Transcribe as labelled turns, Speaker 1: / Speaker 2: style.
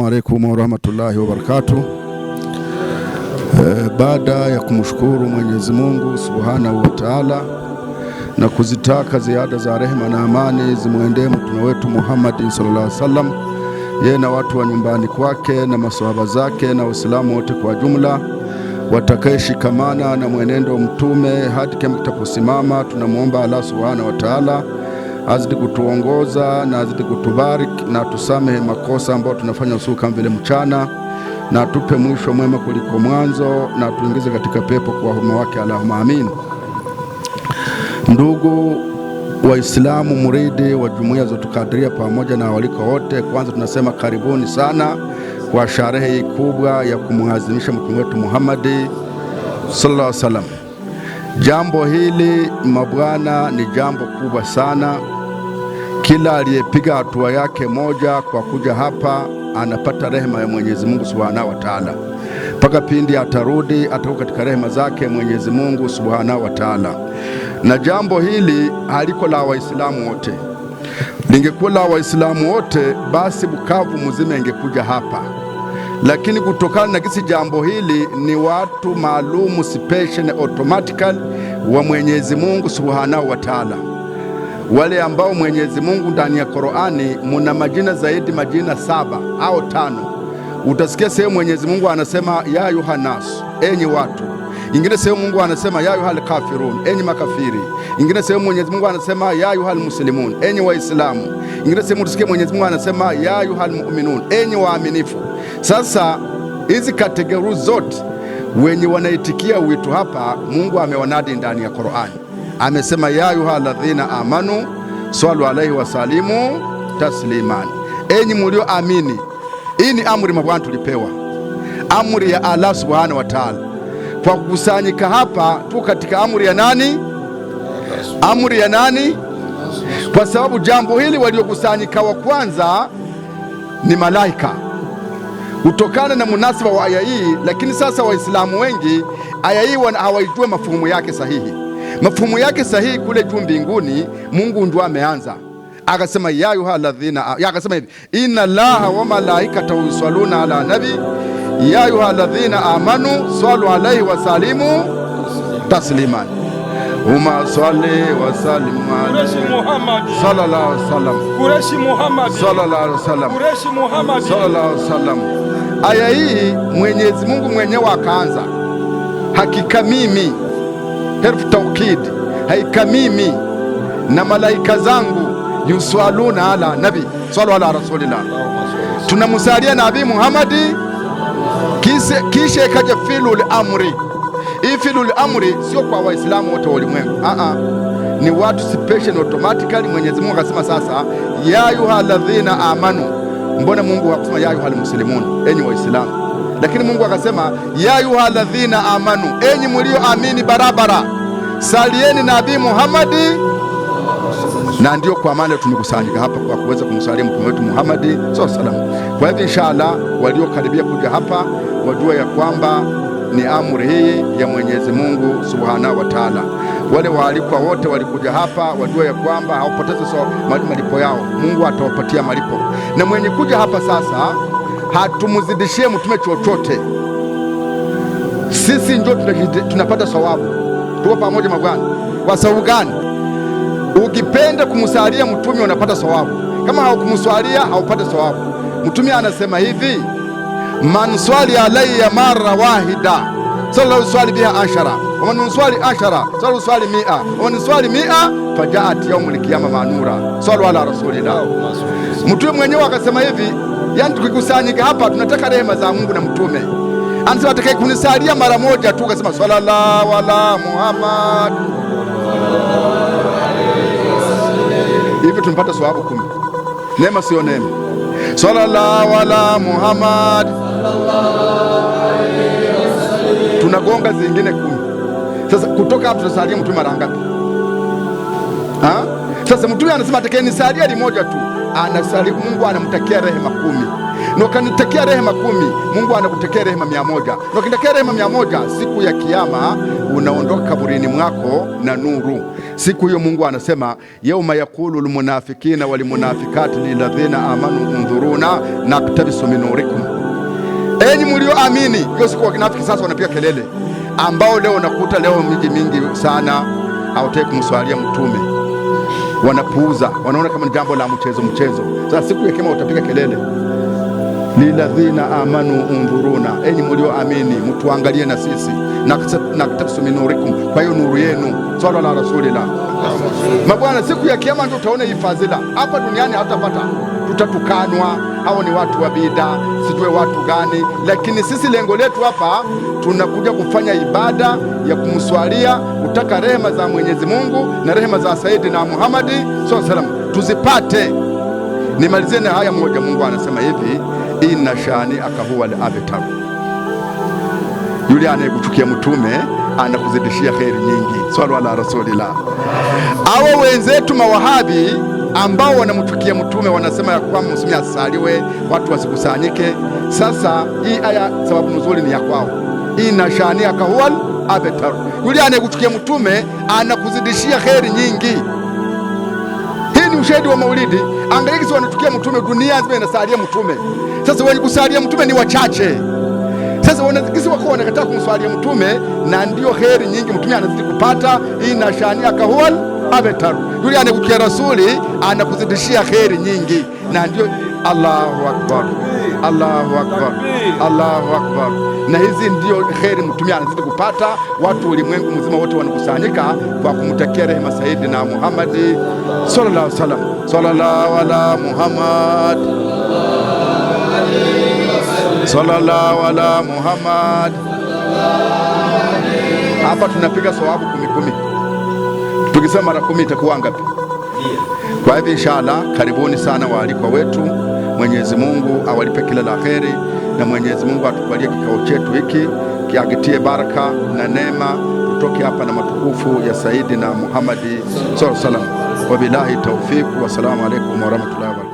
Speaker 1: Alaikum warahmatullahi wabarakatuh. E, eh, baada ya kumshukuru Mwenyezi Mungu Subhanahu wa Ta'ala na kuzitaka ziada za rehema na amani zimwendee mtume wetu Muhammad sallallahu alaihi wasallam, yeye na watu wa nyumbani kwake na maswahaba zake na Waislamu wote kwa jumla watakayeshikamana na mwenendo wa mtume hadi kama kitaposimama, tunamwomba Allah Subhanahu wa Ta'ala azidi kutuongoza na azidi kutubariki na tusamehe makosa ambayo tunafanya usiku kama vile mchana, na tupe mwisho mwema kuliko mwanzo, na tuingize katika pepo kwa huruma wake, Allahumma amin. Ndugu Waislamu, muridi wa jumuiya za tukadiria pamoja na waliko wote, kwanza tunasema karibuni sana kwa sherehe hii kubwa ya kumwazimisha mtume wetu Muhammadi sallallahu alaihi wasallam. Jambo hili mabwana, ni jambo kubwa sana. Kila aliyepiga hatua yake moja kwa kuja hapa anapata rehema ya Mwenyezi Mungu Subhanahu wa Ta'ala, mpaka pindi atarudi atakuwa katika rehema zake Mwenyezi Mungu Subhanahu wa Ta'ala. Na jambo hili haliko la Waislamu wote. Lingekuwa la Waislamu wote, basi Bukavu mzima ingekuja hapa, lakini kutokana na kisi jambo hili ni watu maalumu, special automatically wa Mwenyezi Mungu Subhanahu wa Ta'ala wale ambao Mwenyezi Mungu ndani ya Qur'ani muna majina zaidi majina saba au tano. Utasikia sehemu Mwenyezi Mungu anasema ya yuhanas, enyi watu ingine sehemu Mungu anasema ya yuhal kafirun, enyi makafiri. Ingine sehemu Mwenyezi Mungu anasema ya yuhal muslimun, enyi Waislamu. Ingine sehemu utasikia Mwenyezi Mungu anasema ya yuhal mu'minun, enyi waaminifu. Sasa hizi kategori zote wenye wanaitikia wito hapa Mungu amewanadi ndani ya Qur'ani amesema ya ayuha alladhina amanu swalu alaihi wasalimu taslimani, enyi amini Hii ni amri mabwana, tulipewa amri ya Allah subhanahu wa taala kwa kukusanyika hapa tu katika amri ya nani? Amri ya nani? Kwa sababu jambo hili waliokusanyika wa kwanza ni malaika kutokana na munasiba wa aya hii. Lakini sasa Waislamu wengi aya hii hawaijue mafuhumu yake sahihi mafumu yake sahihi kule juu mbinguni. Mungu ndio ameanza akasema, ya yuha ayuhaladhina, akasema hivi inna laha wa malaikatahu yusalluna ala nabi ya yuha ladhina amanu sallu alaihi salimu tasliman huma salli wa sallim
Speaker 2: Kureshi Muhammad
Speaker 1: sallallahu alaihi wasallam
Speaker 2: Kureshi Muhammad
Speaker 1: sallallahu alaihi wasallam
Speaker 2: Kureshi Muhammad
Speaker 1: sallallahu alaihi wasallam. Aya hii Mwenyezi Mungu mwenyewe akaanza, hakika mimi herufu haika haikamimi, na malaika zangu yuswaluna ala nabi swalu ala rasulillah, tunamusalia nabi Muhammadi. Kisha ikaja filul amri. Hii filul amri sio kwa Waislamu wote wa ulimwengu, ni watu special automatically. Mwenyezi Mungu akasema sasa, ya ayuha amanu. Mbona Mungu hakusema ya ayuha almuslimun, enyi Waislamu? Lakini Mungu akasema, ya ayuhaladhina amanu, enyi mlioamini barabara, salieni nabii Muhamadi. Na ndiyo kwa maana tumekusanyika hapa kwa kuweza kumsalimu mtume wetu Muhamadi sallallahu alaihi Kwa hivyo inshallah, waliokaribia kuja hapa wajua ya kwamba ni amri hii ya Mwenyezi Mungu subhanahu wa taala. Wale waalikwa wote walikuja hapa, wajua ya kwamba hawapotezi so malipo yao, Mungu atawapatia malipo. Na mwenye kuja hapa sasa hatumzidishie mtume chochote. Sisi ndio tunapata sawabu. Tuko pamoja mabwana? Kwa sababu gani? Ukipenda kumsalia mtume unapata sawabu, kama haukumswalia haupate sawabu. Mtume anasema hivi, man swali alayya mara wahida sala swali biha ashara waman swali ashara sala swali mia waman swali mia fajaat yaumul kiyama manura. sallu ala rasulillah. Mtume mwenyewe akasema hivi Yaani tukikusanyika hapa tunataka rehema za Mungu na mtume anasema yaani atakaye kunisalia mara moja tu, kasema sallallahu ala Muhammad, Hivi tumpata sawabu kumi. Neema sio neema. Sallallahu ala Muhammad, tunagonga zingine kumi. Sasa kutoka hapo tutasalia mtume mara ngapi? Sasa mtume anasema atakayenisaalia limoja tu anasali, Mungu anamtakia rehema kumi, na ukanitakia rehema kumi, Mungu anakutakia rehema mia moja, na ukinitakia rehema mia moja, siku ya Kiyama unaondoka kaburini mwako na nuru. Siku hiyo Mungu anasema yauma yakulu lmunafikina walmunafikati liladhina amanu undhuruna naktabisu min nurikum, enyi mulioamini. Hiyo siku wakinafiki sasa wanapiga kelele, ambao leo nakuta leo miji mingi sana hawataki kumswalia mtume wanapuuza, wanaona kama ni jambo la mchezo mchezo. Sasa siku ya kema utapiga kelele, liladhina amanu undhuruna, enyi mulioamini mtuangalie na sisi, naktasuminurikum kwa hiyo nuru yenu. Swala la rasulillah mabwana, siku ya kiama ndio utaona hii fadhila, hapa duniani hatapata tutatukanwa, hao ni watu wa bida, sijue watu gani. Lakini sisi lengo letu hapa tunakuja kufanya ibada ya kumswalia, kutaka rehema za Mwenyezi Mungu na rehema za saidi Muhammad muhamadi alaihi wasallam tuzipate. Nimalizie na haya moja, Mungu anasema hivi, inna shani akahuwa al-abtar, yule anayekuchukia mtume anakuzidishia kheri nyingi. Swala ala rasulillah. Awo wenzetu mawahabi ambao wanamchukia mtume wanasema ya kwamba mtume asaliwe, watu wasikusanyike. Sasa hii aya sababu nzuri ni ya kwao, ina shania kahuwal abetaru, yule anayekuchukia mtume anakuzidishia heri nyingi. Hii ni ushahidi wa Maulidi. Angalia, si wanachukia mtume, dunia nzima inasalia mtume. Sasa wenye kusalia mtume ni wachache. Sasa wanazikisi wako wanakataa kumswalia mtume, na ndio heri nyingi mtume anazidi kupata. Ina shania kahuwal abetaru, yule anekukia rasuli anakuzidishia kheri nyingi, na ndio Allahu akbar, Allahu akbar, Allahu akbar. Na hizi ndio kheri mtumia anazidi kupata, watu ulimwengu mzima wote wanakusanyika kwa kumtakia rehema Sayyidina Muhammadi sallallahu alaihi wasallam. Sallallahu ala Muhammad, sallallahu ala Muhammad. Hapa tunapiga sawabu kumi kumi tukisema mara kumi itakuwa ngapi? Kwa hivyo inshallah, karibuni sana waalikwa wetu. Mwenyezi Mungu awalipe kila la heri, na Mwenyezi Mungu atukubalie kikao chetu hiki, kiagitie baraka na neema, tutoke hapa na matukufu ya Saidi na Muhammadi sallallahu alaihi wasallam. Wabillahi taufiku, wassalamu alaikum warahmatullahi wabarakatuh.